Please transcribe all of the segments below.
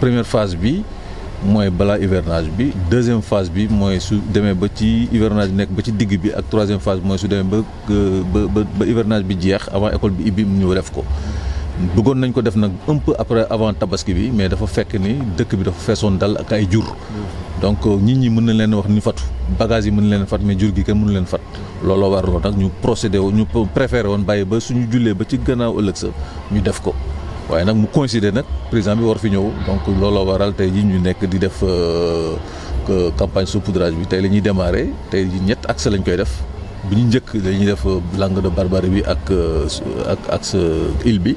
première phase bi moy bala hivernage bi deuxième phase bi moy su démé ba ci hivernage nek ba ci digg bi ak troisième phase moy su démé ba ba hivernage bi jeex avant école bi ibbi ñu def ko. bëggoon nañ ko def nak un peu après avant tabaski bi mais dafa fekk ni dëkk bi dafa fesson dal ak ay jur. donc euh, nit ñi mën nañ leen wax ni fatu bagage yi mën leen fat mais jur gi kenn mënu leen fat looloo waraloon nak ñu procéder ñu préférer won bàyyi ba suñu jullee ba ci gënaaw ëllëg sa ñu def ko. waaye nag mu considéré nag président bi war fi ñëw donc looloo waral tey ji ñu nekk di def euh, campagne saupoudrage bi tey la ñuy démarré tey ji ñett axe lañ koy def bu ñu njëkk dañuy def euh, Langue de Barbarie bi ak euh, ak axe île bi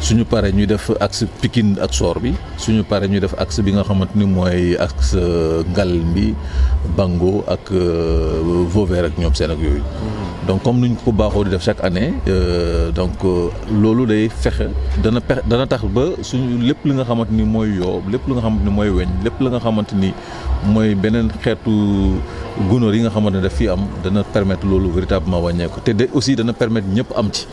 suñu paree ñuy def axe Pikine ak Soor bi suñu paree ñuy def axe bi nga xamante ni mooy axe Ngalen bi Bango ak Vauvert ak ñoom seen ak yooyu. Mm-hmm. donc comme nous ñu ko def chaque année euh, donc euh, lolu day fexé dana dana tax ba suñu lepp li nga xamanteni moy yo lepp li nga xamanteni moy mooy lepp lépp li nga xamanteni moy benen xétu xeetu yi nga xamanteni ne fi am dana permettre lolu véritablement wàññeeku te de aussi dana permettre ñëpp am ci.